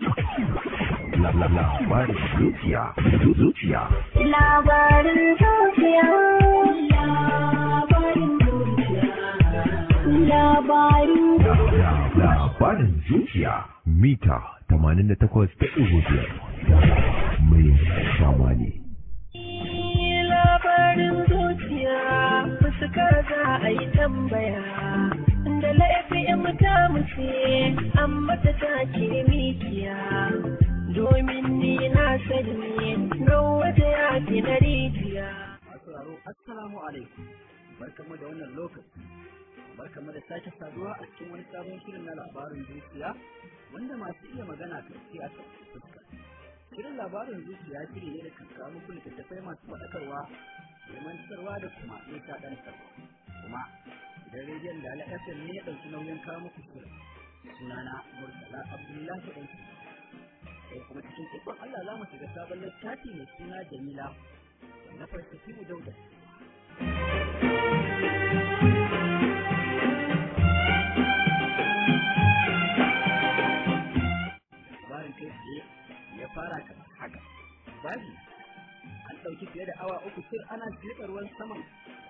Labarin zuciya, zuciya. Labarin zuciya. Labarin zuciya. Labarin zuciya. Labarin zuciya. Mita ta Mai shama ne. Labarin zuciya, fuskar za a yi tambaya. Da laifin ta mace an mata ta mikiya domin ni na sani rawa da ya fi na rijiya. Assalamu alaikum, barkamu da wannan lokaci. Barkamu da sake saduwa a cikin wani sabon shirin na labarin zuciya wanda masu iya magana kan siyasa fuska. Shirin labarin zuciya shi ne da kanka muku littattafai masu faɗakarwa, ilmantarwa da kuma nishaɗantarwa. Kuma da rediyon da alaƙasar ne ya ɗauki nauyin kawo muku sura sunana murtala abdullahi ɗan sai kuma cikin ikon allah za mu shiga sabon littafi mai suna jamila na farko mu dauda labarin kai tsaye ya fara kamar haka babi an ɗauki fiye da awa uku sir ana shirka ruwan saman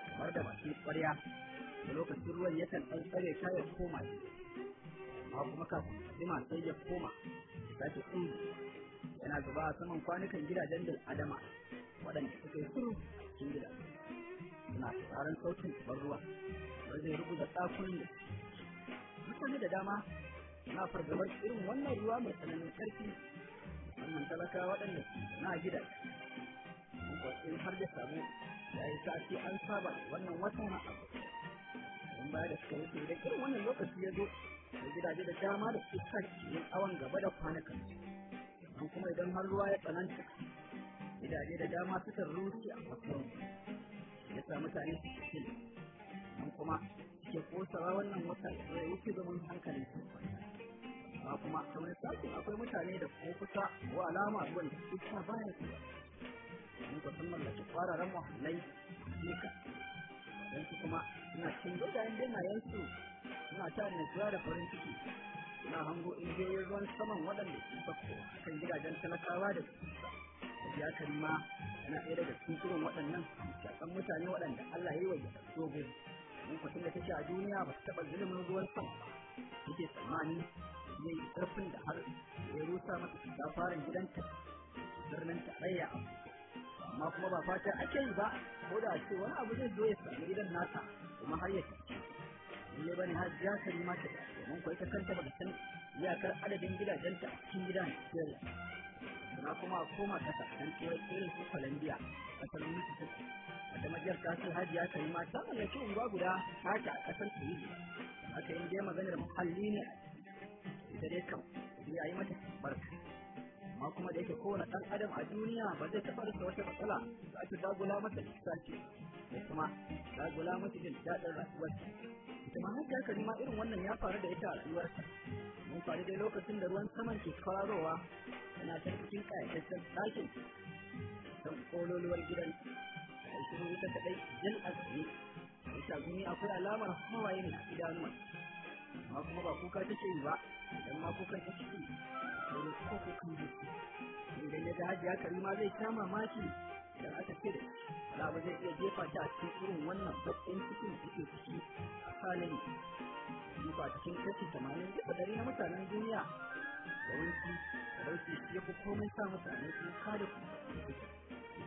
kamar da bakin ƙwarya da lokacin ruwan yakan ɗan tsare ka ya koma shi amma kuma kafin ma sai ya koma sake tsinda yana zuba a saman kwanukan gidajen da adama waɗanda suka yi suru a cikin gida suna tsaron sautin ban ruwa wanda zai rubuta tsakunan da mutane da dama suna fargabar irin wannan ruwa mai tsananin ƙarfi wannan talaka waɗanda na gida in har da samu ya yi sati an saba wannan watan abu shekarun ba da suka wuce da irin wannan lokaci ya zo da gidaje da dama da suke kan yin awon gaba da kwanakan amma kuma idan har ruwa ya tsananta gidaje da dama sukan rushe a kasuwan ya sa mutane su ci amma kuma ke kosawa wannan wata da ya wuce zaman hankalin su amma kuma kamar wani sashen akwai mutane da ko kusa ko alama ruwan da su baya su ba. Mun kusan mallaki kwararan muhallai ne yanzu kuma suna cikin yin benayen su suna ta zuwa da farin ciki suna hango je ruwan saman waɗanda su sakko kan gidajen talakawa da su ya kalma na ɗaya daga cikin irin waɗannan shaƙan mutane waɗanda Allah ya yi wa ya dogo mun kwatin da take a duniya ba su taɓa zulumin ruwan sama yake tsammani ya yi ƙarfin da har ya rusa masa shiga farin gidanta birnin tarayya amma kuma ba fata ake yi ba ko da ce wani abu zai zo ya sami gidan nasa kuma har ya ci ne bane har ya sani mata domin kuwa ita kanta ba san iyakar adadin gidajenta ta cikin gidan Najeriya na kuma a koma kasa don turai irin su Colombia kasar a wata majiyar kasar ya sami mata yake unguwa guda haka a kasar Tunisia haka in dai maganar muhalli ne da dai kam ya yi mata barka amma kuma da yake kowane ɗan adam a duniya ba zai taɓa rasa wata matsala da ake dagula da cuta ce da kuma dagula masa jin daɗin rayuwarsa ita ma haka haka ma irin wannan ya faru da ita a ta mun faru dai lokacin da ruwan saman ke kwararowa yana ta cikin ƙayataccen ɗakin don ƙololuwar gidan a cikin wuta kaɗai jin azumi a ita gumi akwai alamar mawaye ne a idanuwa amma kuma ba kuka take yi ba idan ma kuka ta ciki to ne kuka kuka ji idan ya ga hajiya karima zai sha mamaki idan aka ce da ba zai iya jefa ta a cikin irin wannan baƙin cikin da ke ciki a salin duba cikin kashi tamanin da dare na mutanen duniya yawanci talauci ya fi komai sa mutane sun da ku.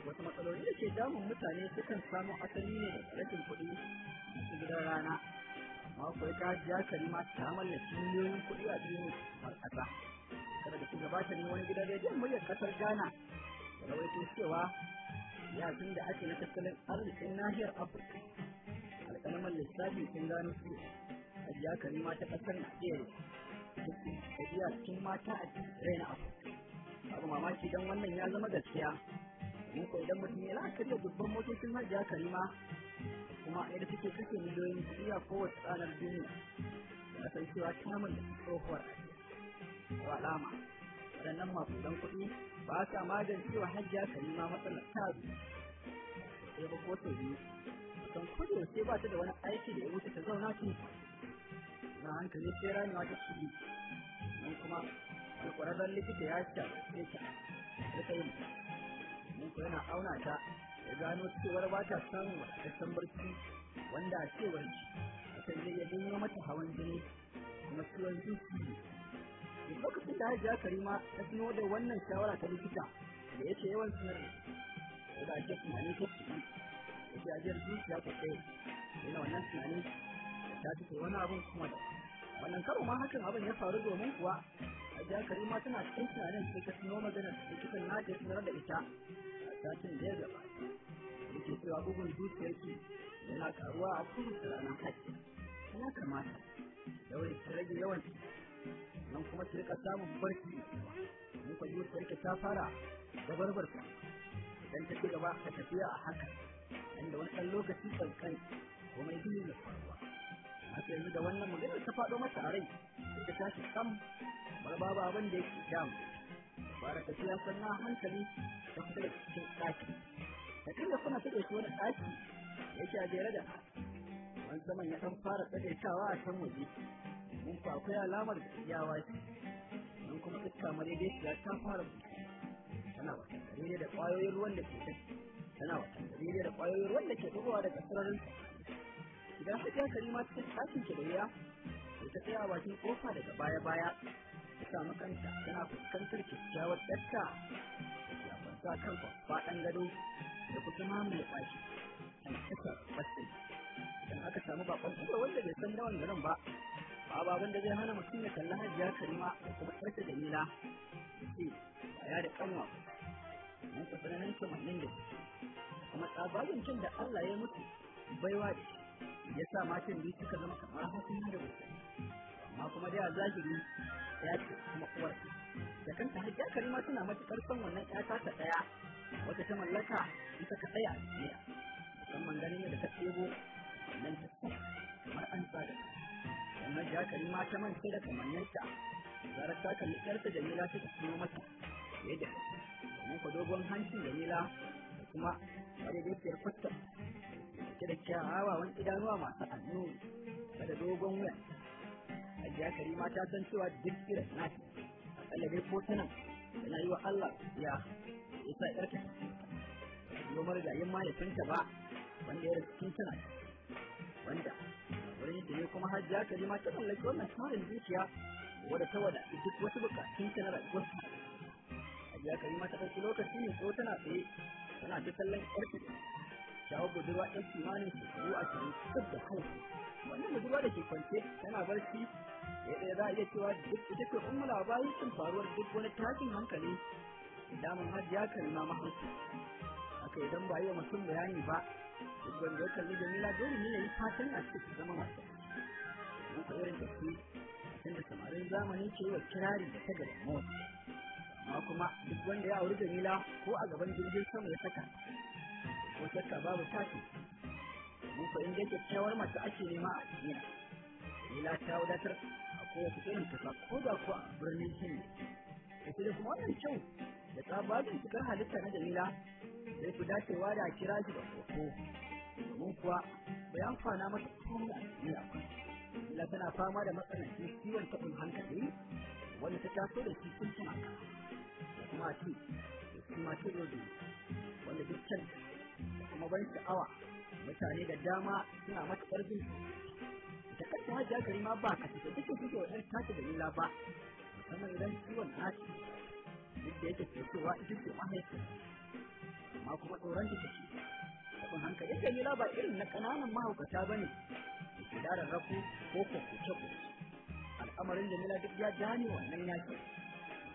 wasu matsaloli da ke damun mutane sukan samu asali ne da rashin kuɗi a gidan rana makwai kajiya karima ta mallaki miliyoyin kuɗi a cikin har kada da su gabata ne wani gidan rediyon muryar kasar ghana da rawaito cewa ya sun da ake na tattalin arzikin nahiyar afirka alƙalaman lissafi sun gano su kajiya karima ta ƙasar najeriya kajiya cikin mata a cikin na afirka babu mamaki don wannan ya zama gaskiya domin ko idan mutum ya la'akari da dubban motocin kari ma kuma yadda take cikin miliyoyin kuɗi kowace tsanar duniya da san cewa ta mallaki tsohuwar ko alama waɗannan makudan kuɗi ba sa magance wa hajjiya kalima matsalar tazu sai ba ko ta biyu don kudu sai ba ta da wani aiki da ya wuce ta zauna tun na hankali sai ramewa ta shiri nan kuma wani ƙwararren likita ya ce ta ce ta yi mun yana auna ta ya gano cewar ba ta samun wadataccen barci wanda a cewar kan yi yadda yi mata hawan jini kuma ciwon zuciya duk lokacin da hajiya karima ta tuno da wannan shawara ta likita da ya ce yawan sinar da ba ke tunanin ta ciki da ke ajiyar zuciya ko tsaye yana wannan tunanin ta fito wani abin kuma da wannan karo ma hakan abin ya faru domin kuwa hajiya karima tana cikin tunanin sai ta tuno maganar likitan na ta tunar da ita satin da ya gabata ke cewa bugun zuciyarki yana karuwa a kowace rana hajji ya kamata da wani ki rage yawan nan kuma ki rika samun barci mun kwa zuciyarki ta fara da barbarta idan ta ci gaba ka tafiya a haka inda wani ɗan lokaci kan kuma komai gini da faruwa haka ni da wannan maganar ta faɗo mata a rai ta shi sam wani babu abin da yake damu ba da tafiya sannan hankali ta fita da cikin ɗaki da kalla kuna ta ɗauki wani ɗaki yake a jere da wani zaman ya ɗan fara tsagaitawa a can waje mun fa akwai alamar ya ce don kuma iska madaidai ya ta fara tana wata ne da ƙwayoyin ruwan da ke kai tana wata gare da ƙwayoyin ruwan da ke ɗogowa daga sararin idan hajjiyar karima cikin ɗakin ke da wuya da ta tsaya bakin ƙofa daga baya-baya ta samu kanta tana fuskantar kyakkyawar ɗarta ya kwanta kan faɗan gado da kusa mamaye ɗaki an cika ɓasta dan aka samu bakon kuma wanda bai san dawan garin ba babu abin da zai hana mutum ya kalli hajiya karima da kuma ƴarta da nila ce ya da kanwa mun tafi nan tamanin da kuma tsabagen cin da Allah ya mutu baiwa da ya sa matan biyu suka zama kamar hakan da mutum amma kuma da zahiri ya ce kuma uwar da kanta har ya karima suna matuƙar son wannan ƴata ta ɗaya wata ta mallaka ita ka tsaya a duniya musamman ganin da ta tsebo nan ta kamar an tsada wannan ya karima ta manta da kamanninta zarar ta kalli ƴarta Jamila ta kuma mata yadda domin ku dogon hancin Jamila da kuma madaidaiciyar kwatta da kyawawan idanuwa masu annu da dogon wuya ajiya karima ta san cewa duk irin na Allah dai ko tana yana yi wa Allah ya ya sa yarka nomar da yin mahaifinta ba wanda ya rikin tana wanda wurin yadda ne kuma kari karima ta mallaki wannan tsarin zuciya wadda ta wada duk wasu bukatun ta na rayuwarsa hajjiya karima ta ɗauki lokaci ne ko tana tsaye tana ta sallan yarki shawo budurwa ɗan kimanin a cikin duk da kansu wannan budurwa da ke kwance tana barci ɗaya eh, za a iya cewa dukkan kuma labarin sun faruwar duk wani tashin hankali damar hajji ya kan ma A kai idan ba yi wa mutum bayani ba duk wanda ya kalli jamila dole ne ya yi fatan a cikin zama masu mun ka irin da su da samarin zamani ke wa kirari da tagar mawai amma kuma duk wanda ya auri jamila ko a gaban jirgin sama ya saka ko saka babu tashi mun fa inda kyakkyawar masu ake nema a duniya jamila ta wadatar ko wata irin kasa ko da kuwa birnin kiri da ke kuma wannan kyau da tsabagen cikar halitta na dalila zai fi dacewa da kira shi da koko domin kuwa bai amfana mata komai a duniya ba illa tana fama da matsanancin ciwon taɓin hankali wanda ta taso da shi tun tana da kuma ce da kuma ce rodo wanda dukkan da kuma ban sha'awa mutane da dama suna matuƙar bin ta kashi hajjiya ma ba a fito duk su ke wadar tashi da lila ba musamman idan ciwon nashi duk da yake ke cewa ita ce mahaifin amma kuma tsoron ta ce taɓin hankali yadda lila ba irin na ƙananan mahaukata ba ne da ke daren rafu ko kwakuce ko al'amarin da lila duk ya gane wannan yaki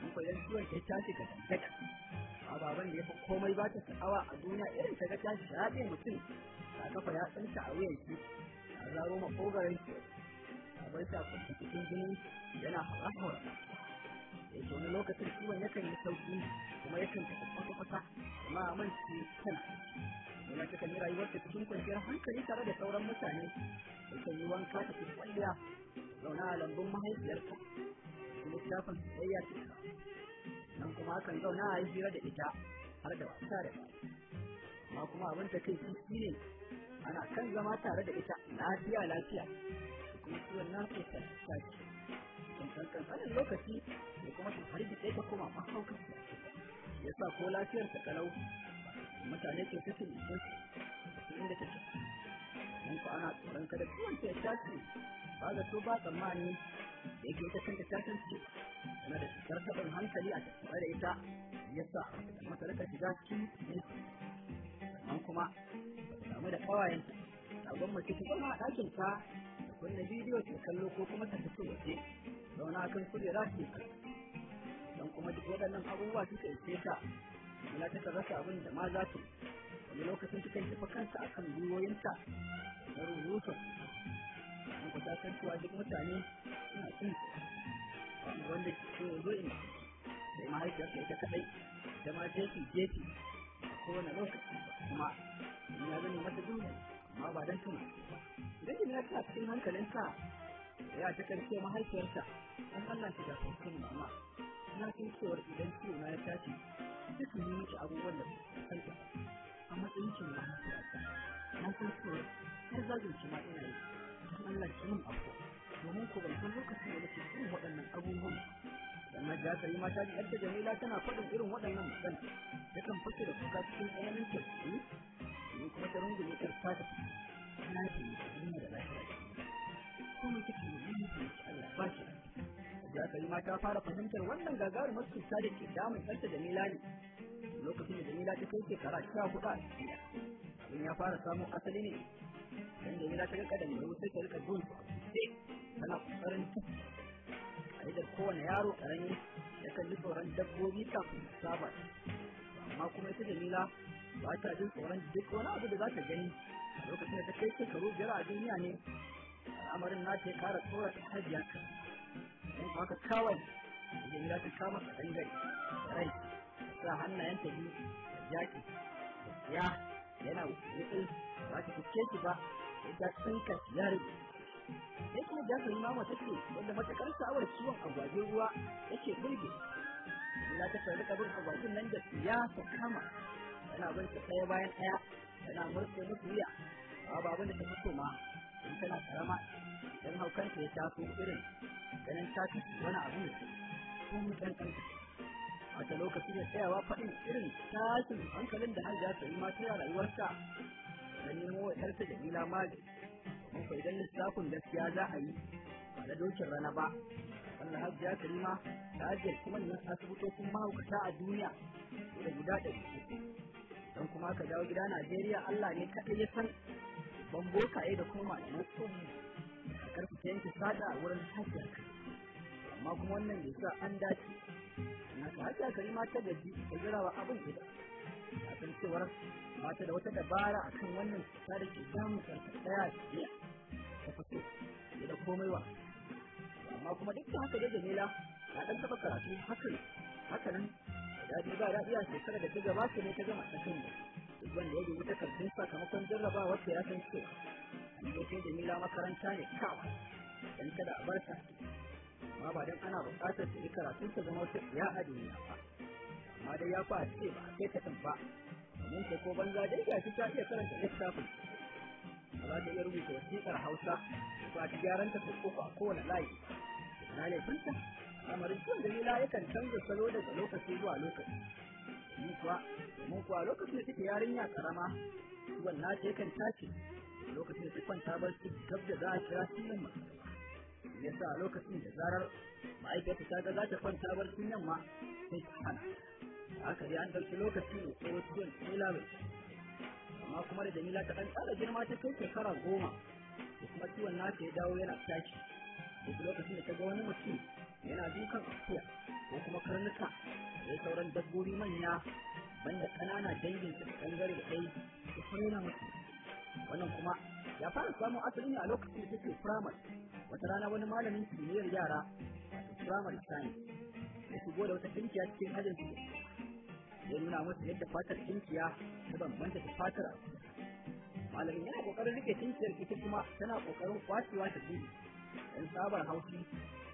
mun koyar ciwon ta tashi ga dangata ababen da ya fi komai ba ta sa'awa a duniya irin ta ga tashi ta mutum ta kafa ya tsanta a wuyan shi ya roma kogarin akwai sakon cikin jini yana haɓaka wata ya wani lokacin ciwon yakan yi sauki kuma yakan tafi kwata-kwata kuma a manci kan yana ta kan rayuwar ta cikin kwanciyar hankali tare da sauran mutane yakan yi wanka ta cikin kwalliya zauna a lambun mahaifiyarta kuma shafin tsayayya ta nan kuma akan zauna a yi hira da ita har da wasa da ba amma kuma abin ta kai shi ne ana kan zama tare da ita lafiya lafiya kuma ciwon na ta sake cikin kankanin lokaci da kuma ta harbi ɗaya ta koma mahaukar ta ya sa ko lafiyar ta kalau mutane ke sakin jikin su inda tafi. mun ko ana tsoron kada ciwon ta tashi ba da to ba tsammani da yake ta kanta ta kanta yana da cutar taɓin hankali a tattare da ita ya sa da mata rika shiga cikin sannan kuma game da kawayen sabon mace ta zama a ɗakin ta da kunna bidiyo ta kallo ko kuma ta fito waje da wani akan kujera ta don kuma duk waɗannan abubuwa suka ishe ta wala ta rasa abin da ma za su wani lokacin ta kan tafi kanta akan gwiwoyinta na rubutun an ku ta san cewa duk mutane suna cin su wanda ke so zo ina sai mahaifiyarsa ita kaɗai da ma jefi jefi a kowane lokaci kuma ya zama mata duniya amma ba don tuma idan ki na ta cikin hankalinta ya ta kan karshe mahaifiyarta an Allah ki da kuma mama na san cewar idan ciwo na ya tashi duk ne miki abubuwan da kuka san a matsayin ki mahaifiyarta na san cewar har za ki ma ina yi Allah ki mun abu domin ku ban san lokacin da nake irin waɗannan abubuwan sannan da ta yi mata da yadda jamila tana faɗin irin waɗannan magana ta kan fice da kuka cikin tsananin tausayi ne kuma ta rungume ta fata na ce ina da lafiya kuma yi ne Allah ba shi da kai ma ta fara fahimtar wannan gagarumar cuta da ke damun ɗanta da milani lokacin da jamila ta kai shekara sha hudu a cikin abin ya fara samun asali ne dan jamila ta rika da mai ta rika dun sai tana kokarin tuki a idan kowane yaro karami ya kalli tsoron dabbobi kafin saba amma kuma ita jamila ba ta jin tsoron duk wani abu da za ta gani a lokacin da ta kai shekaru biyar a duniya ne al'amarin na ce kara tsora ta hajiya ka in haka kawai idan za ta kama a dangare rai sa hannayen ta biyu yaki ya yana wuce ba ta kuke ki ba ta tsinka ya rage sai kuma jasirin mama ta ce wanda matakar sa'awar ciwon agwajin ruwa yake burge Ina ta faru kabin agwajin nan da ya ta kama ana bin ta ɗaya bayan ɗaya tana murfe musu wuya ba babu da ta ma in tana karama dan haukanta ya taso irin ganin ta wani abu ne, ɗan mutan a wata lokacin da tsayawa faɗin irin tashin hankalin da hajja ta yi ma ta rayuwarta da nemo wa ƴarta da ila mali mun idan lissafin gaskiya za a yi ba da dokin rana ba wanda hajja ta yi ma ta hajjar kuma asibitocin mahaukata a duniya da guda ɗari uku don kuma ka dawo gida Najeriya Allah ne kaɗai ya san ban bokaye da kuma ma'anar tsohon da ta yanke sada a wurin hajjar amma kuma wannan bai sa an dace na ka hajjar ma ta gaji da abin gida a san cewar mata da wata dabara a kan wannan cuta da ke samun ɗaya daya cikin ta fito da komai wa amma kuma duk da haka da jamila na ɗan taɓa karatu hakan hakanan daɗi ba daɗi a shekara da ta gabata ne ta gama tsakin da duk wanda ya dubi takardun sakamakon jarraba wacce ya san cewa an doke da mila makaranta ne kawai dan kada a barta amma ba dan ana buƙatar ta yi karatun ta zama wata ya a duniya ba amma dai ya fa a ce ba a kai katin ba domin ko banza dai gashi ta iya karanta littafin ba za ta iya rubuta wasiƙar hausa ba ta gyaran ta ko a kowane layi na ta. amarcin jamila yakan canza salo daga lokaci zuwa lokaci yi kuwa mu kuwa lokacin da take yarinya karama na ce kan tashi lokacin da ta kwanta barci gab da za a kira sunan makarama yasa lokacin da zarar ma'aikata ta ga za ta kwanta barcin yamma sai ta hana haka dai an ɗauki lokaci ne ko ciwon jamila bai amma kuma da jamila ta ɗan ƙara girma ta kai shekara goma da kuma ciwon nata ya dawo yana tashi duk lokacin da ta ga wani mutum yana dukan akuya ko kuma karnuka da sauran dabbobi manya banda kanana dangin su bangare da kai su kwana musu wannan kuma ya fara samun asali ne a lokacin da take firamare wata rana wani malamin kimiyyar yara a firamare science ya shigo da wata kinkiya cikin hajjin su ya nuna musu yadda fatar kinkiya ta bambanta da fatar malamin yana kokarin rike kinkiyar ita kuma tana kokarin kwacewa ta biyu dan sabar haushi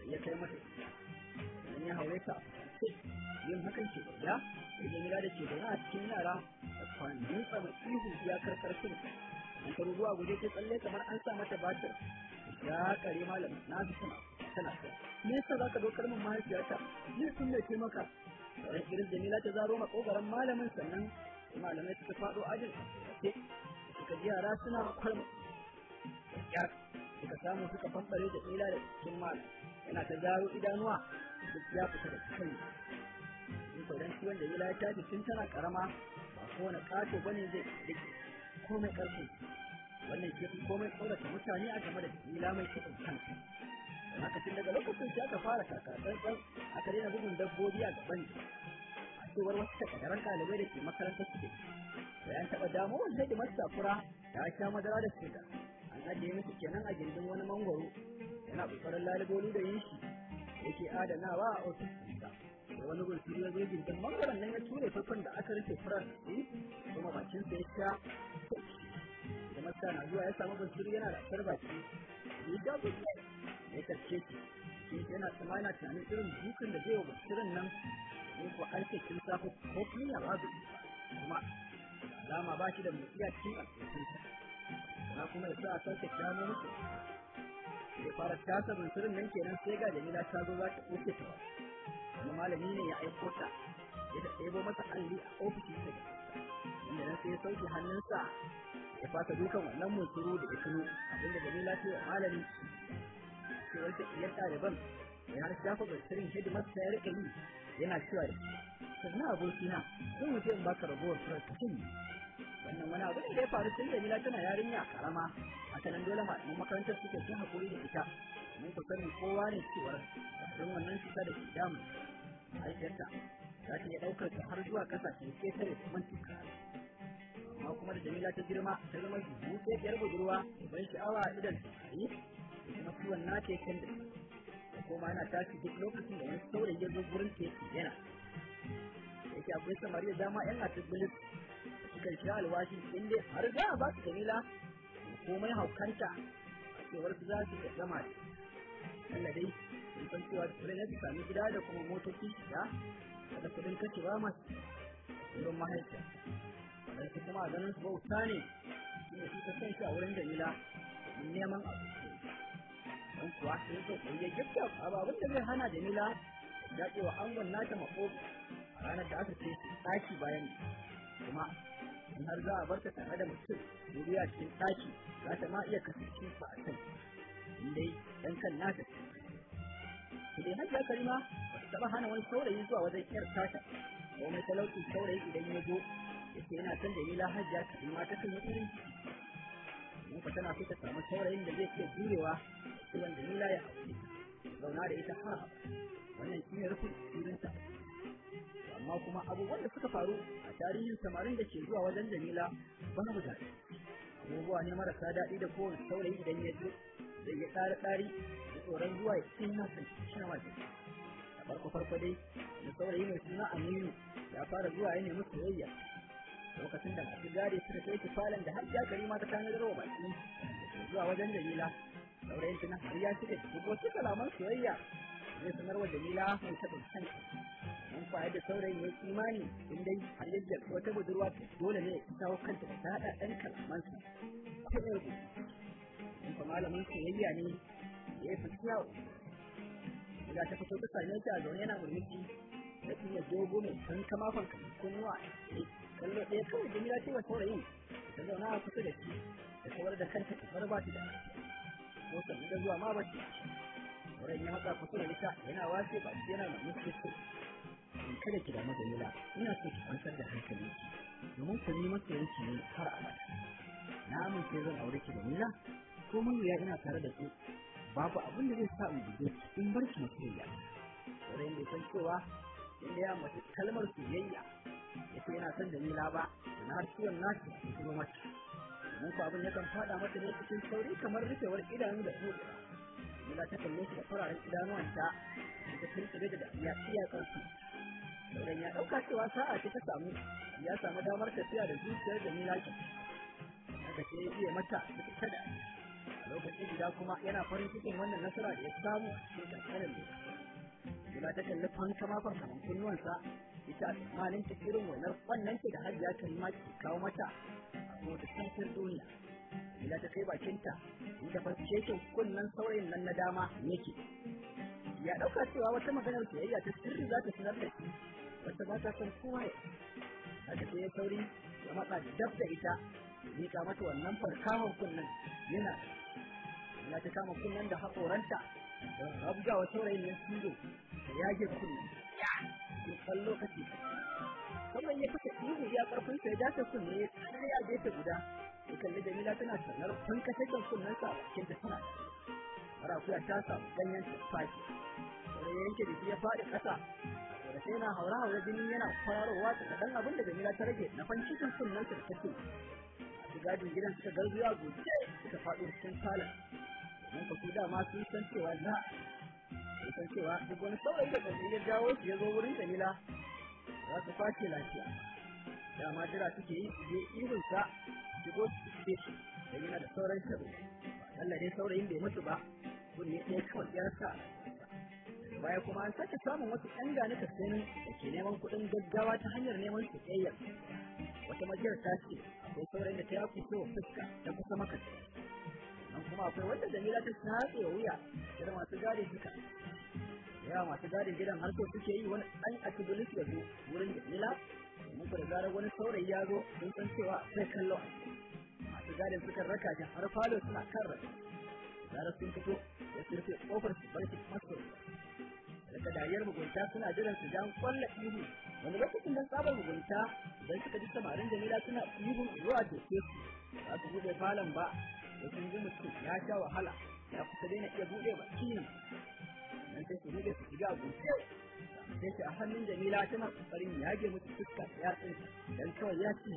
ya kai mata idan ya haure ta yin hakan ke ya idan gida da ke zaune a cikin yara kwanin tsaba ihu ya karkar sun an karu zuwa guje ta tsalle kamar an sa mata batir ya kare malam na su suna tana ta me yasa za ka dokar mun mahaifiyata ne sun ne ke maka sauran irin jamila ta zaro makogaran malamin sannan malamai suka faɗo ajin sai suka ji yara suna kwalma ya suka samu suka fanɓare da tsila da cikin malam yana ta zaro idanuwa duk ya fita da kai in sauran shi wanda ya lata jikin tana karama ba kowane kato bane zai rike komai karfi wannan ke komai tsorata mutane a game da ila mai kiɗin kansa haka tun daga lokacin sai aka fara kakatsantsan aka daina bugun dabbobi a gaban a cewar wasu takadaran ɗalibai da ke makaranta suke bayan taɓa damuwa sai da masu da ta sha madara da suga an ajiye musu kenan a gindin wani mangwaro yana ƙoƙarin laliboli da yin shi yake adanawa a ofis ɗinsa da wani gurfi ya zo don mangaren nan ya ture farkon da aka rufe furar kuma bakinsa ya sha da masta na zuwa ya samu gurfi yana da asar baki ya ga gurfi ya karce shi shi yana tsama yana tunanin irin dukan da zai wa gurfirin nan ne ko an kin safi ko kun ya ba kuma alama ba shi da mutiya cikin alƙawarinsa na kuma ya sa a sake gano musu da fara tasa bunsurin nan kenan sai ga jamila ta zo za ta ɗauke ta wani malami ne ya aiko ta ya da ɗebo masa alli a ofishin sa inda nan sai ya sauke hannunsa ya fasa dukan wannan munsuru da ya tuno abinda jamila ta yi wa malami sai wata iyar ɗaliban ya har shafa bunsurin ta ya rika yi yana cewa sannan abokina zan wuce in baka ragowar furar cikin wannan wani abu ne da ya faru tun da mila tana yarinya karama a nan dole malaman makarantar suke sun haƙuri da ita mun ku sani kowa ne cewar don wannan cuta da ke damu mahaifiyarta za ta iya ɗaukar ta har zuwa tare ƙetare kuma cuta amma kuma da jamila ta girma ta zama zuciyar budurwa ban sha'awa a idan tukari da kuma ciwon nata ya da da kuma yana tashi duk lokacin da wani saurayi ya zo gurin ke yana yake akwai samari da dama yan latin bilis suka yi alwashi in har za a ba su jamila komai haukanta a cewar su za su ga gama da Allah dai sun san cewa da na fi sami gida da kuma motoci shiga a da kudin kace ba masu wurin mahaifiya wadanda kuma ganin su bauta ne shine su ta shi a wurin jamila domin neman abu don kuwa sai so ku ya a ababun da zai hana jamila ya ce wa angon nata makofi a ranar da aka ce ɗaki bayan kuma in har za a bar ta tare da mutum wuri cikin ɗaki za ta ma iya kasance su a kan dai dan kan nata idan har ya karima ba ta taɓa hana wani saurayi zuwa wajen iyar tata ko mai talauci saurayi idan ya zo ya ce yana son da ni lahajja ta ima ta kan irin mun ka tana so ta samu saurayin da zai iya jurewa kiran wanda ni ya haƙuri zauna da ita har wannan shi ne rufin asirinta abubuwan da suka faru a tarihin samarin da ke zuwa wajen Jamila wani mutane abubuwa ne marasa daɗi da kowane saurayi idan ya zo zai ya tsari tsari da tsoron zuwa ya cikin nasan shi na a farko farko dai da saurayi mai suna Aminu ya fara zuwa ya nemi soyayya lokacin da masu gare suka kai su falon da har jakari ma ta tanadar wa baki zuwa wajen Jamila saurayin tunan har ya shiga duk wasu kalaman soyayya zai sanarwa Jamila mai taɓin kanta in kwaya da saurayin ya imani in dai halittar wata budurwa dole ne ta kawo kanta da ta haɗa ɗan kalamansa ko yarku in fa malamin soyayya ne ya yi fuski yawo daga ta fito ta same ta zaune yana murmushi da kuma dogo mai kan kamakon kunnuwa kallo ɗaya kawai mila ce wa saurayin ta zauna a kusa da shi da kawar da kanta kamar ba ta da ko sannu da zuwa ma ba ce wurin ya haɗa kusa da ita yana wace ba yana murmushi kada ki damu da yula ina so ki kwantar da hankali domin ku ni yanki ne har abada na amince zan aure ki da nila ko mun ya ina tare da su babu abin da zai sa in guje in bar ki Wani mai da san cewa inda ya mace kalmar soyayya ya ce yana son da mila ba na har ciwon nasu su kuma mata domin ku abin yakan faɗa mata ne cikin sauri kamar rufewar idanu da tsotsira mila ta kalle shi da fararen idanuwanta da ta kirkire da dariya iyakar su idan ya ɗauka cewa sa'a ce ta samu ya samu damar tafiya da zuciyar da milaki haka sai ya iya mata da ta da lokaci gida kuma yana farin cikin wannan nasara da ya samu cikin kankanin lokaci guda ta kalli fanka makon saman kunnuwansa ita malin ta irin wannan wannan ce da har ya kan ke kawo mata a kuma ta tsakiyar duniya guda ta kai bakinta inda farcekin kunnen saurayin nan na dama yake ya ɗauka cewa wata maganar soyayya ta sirri za ta sanar da shi Wata ba ta san kowa ya a ya sauri ya matsa dab da ita ya ka mata wannan farkawar kunnen yana ya ta kama kunnen da haƙoranta da abuja wa saurayin ya sido da yage kunnen ya ya kan lokaci kamar ya fita ihu ya karfin sai ya dace kunne ya tsare a gefe guda ya kalli jamila tana sanar tun kashe kan kunnensa a cikin ta tana kuya ta samu ganyen tufafi da yanke da ya faɗi ƙasa karshe na haure haura jini yana kwararowa ta kaɗan abin da jamila ta rage na fan cikin sun nan ta ce a gadin gidan suka garzuwa gobe suka faɗo cikin falon don ka su dama sun san cewa za sun san cewa duk wani saurayi da ɗan ya jawo su ya zo wurin jamila za su kwace lafiya dama jira suke yi su je irin sa su ce shi da yana da sauran shabu ba Allah dai saurayin bai mutu ba kunne ɗaya kawai ya rasa baya kuma an sake samun wasu ɗan gane kasanin da ke neman kuɗin gaggawa ta hanyar neman tsayayyar wata majiyar ta ce akwai saurayin da ta haƙƙi wa fuska ta kusa maka nan kuma akwai wanda jamila ta tatse ya wuya da masu gadi duka yawa masu gadin gidan har suke yi wani ɗan atibulis ya zo wurin jamila domin da zarar wani saurayi ya zo sun san cewa sai kallo a masu gadin suka raka shi har falo suna kan rasa zarar sun fito ya surfe kofar su bar masu daga dariyar mugunta suna jiran su jan kwallo ihu wani lokacin da sabar mugunta idan suka ji samarin jamila suna ihun zuwa doke su ba su buɗe falon ba da sun ji mutum ya sha wahala ya kusa daina iya buɗe ba kinan nan sai su buɗe su shiga gobe sai su a hannun jamila tana kokarin yage musu fuska ya tsinka dan kawai ya ci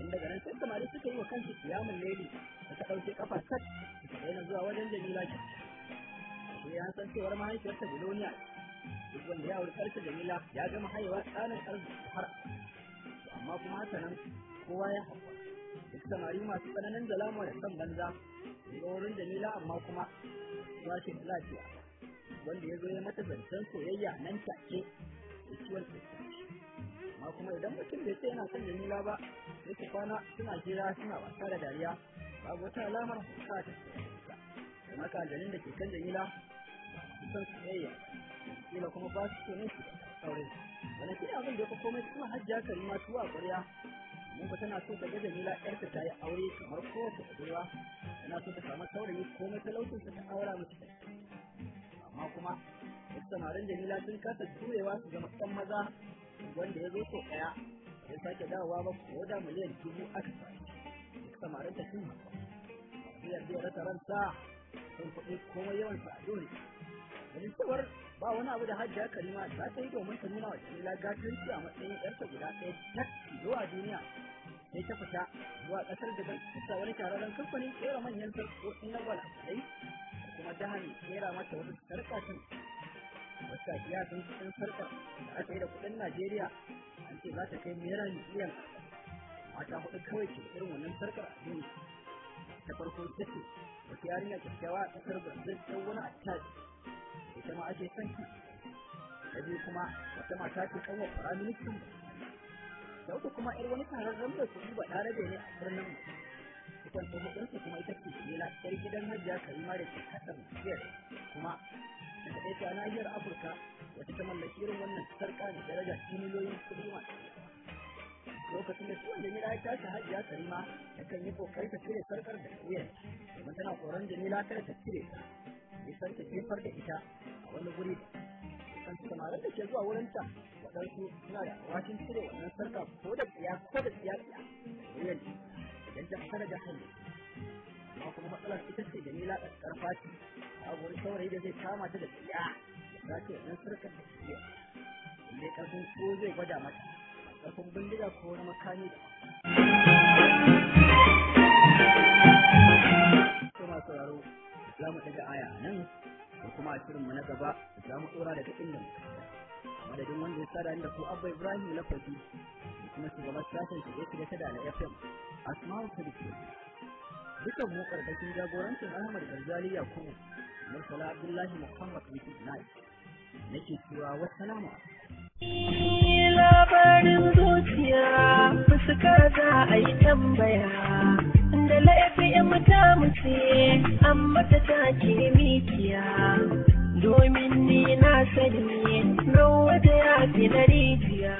in daga nan sai samari suka yi wa kansu kiyamun leli da ta ɗauke kafa sak su daina zuwa wajen jamila kyau ya san cewar mahaifiyarta biloniya duk wanda ya wurkarta jamila ya gama haihuwa tsarin arziki har amma kuma haka nan kowa ya haƙura duk samari masu tsananin da lamu da son banza daga wurin jamila amma kuma ya ce lafiya wanda ya zo ya mata zancen soyayya nan take da ciwon amma kuma idan mutum bai ce yana son jamila ba sai kwana suna jira suna wasa da dariya babu wata alamar fuska ta haka aljanin da ke kan jamila son soyayya kila kuma ba su kenan su saurayi. wani kila abin da ya komai suna hajjiya karima a ƙwarya mun ba tana so ta ga Jamila ƴarta ta yi aure kamar kowace budurwa tana so ta samu saurayi komai talaucin ta aura musu amma kuma duk samarin Jamila sun kasa jurewa su ga matsan maza wanda ya zo so ɗaya bai sake dawowa ba ko da miliyan dubu aka sami duk samarin ta sun matsa biyar biyar rasa ransa sun kuɗi komai yawan sa a dole ganin cewar ba wani abu da hajji aka za ta yi domin ta nuna wa jamila gatanci a matsayin yarta guda ɗaya ta zuwa duniya sai ta fita zuwa ƙasar da zan kusa wani tararen kamfanin tsera manyan sarƙoƙi na gwal da kuma hannu tsera mata wasu sun wasu akiya sun kuɗin sarƙa da aka yi da kuɗin najeriya an ce za ta kai naira miliyan mata huɗu kawai ke irin wannan sarƙar a duniya ta farko ta ce wata yarinya kyakkyawa a ƙasar brazil ta wani attaji ita ma ake son ki da biyu kuma wata mata ce kawai firaministan da uku kuma yar wani tararren mai kuɗi ba ɗara da ne a birnin ita kuma ɗansa kuma ita ce shela yar gidan hajiya karima da ke kasar jiyar kuma da ta ɗaya nahiyar afirka wata ta mallaki irin wannan sarƙa da daraja miliyoyin kuɗi masu lokacin da ciwon jamila ya tashi hajiya karima ta kan yi kokarin ta cire sarƙar da wuyar domin tana tsoron jamila kada ta cire ta nisan ta jefar da ita a wani guri kan samarin da ke zuwa wurin ta waɗansu suna da wakin cire wannan sarka ko da tsiya ko da tsiya tsiya idan ta fara da hannu amma kuma matsalar ita ce da nila da karfa ce a wurin saurayi da zai kama ta da tsiya ya sace wannan sarkar da tsiya ne karfin ko zai gwada mata karfin bindiga ko na makami da Kuma sauraro za mu ɗaga aya nan da kuma a shirinmu na gaba za mu tsora daga inda mu madadin wanda ya sa da ku abba ibrahim lafazi da kuma shugaban sashen shirye shirye ta da na fm asma'u sadiku duka mu karkashin jagorancin ahmad garzali yakubu murtala abdullahi muhammad wiki nai nake cewa wassalamu labarin zuciya fuskar za a yi tambaya da 'yan mata ce an mata ta ce mikiya domin ni na sani rawa da ya fi na rijiya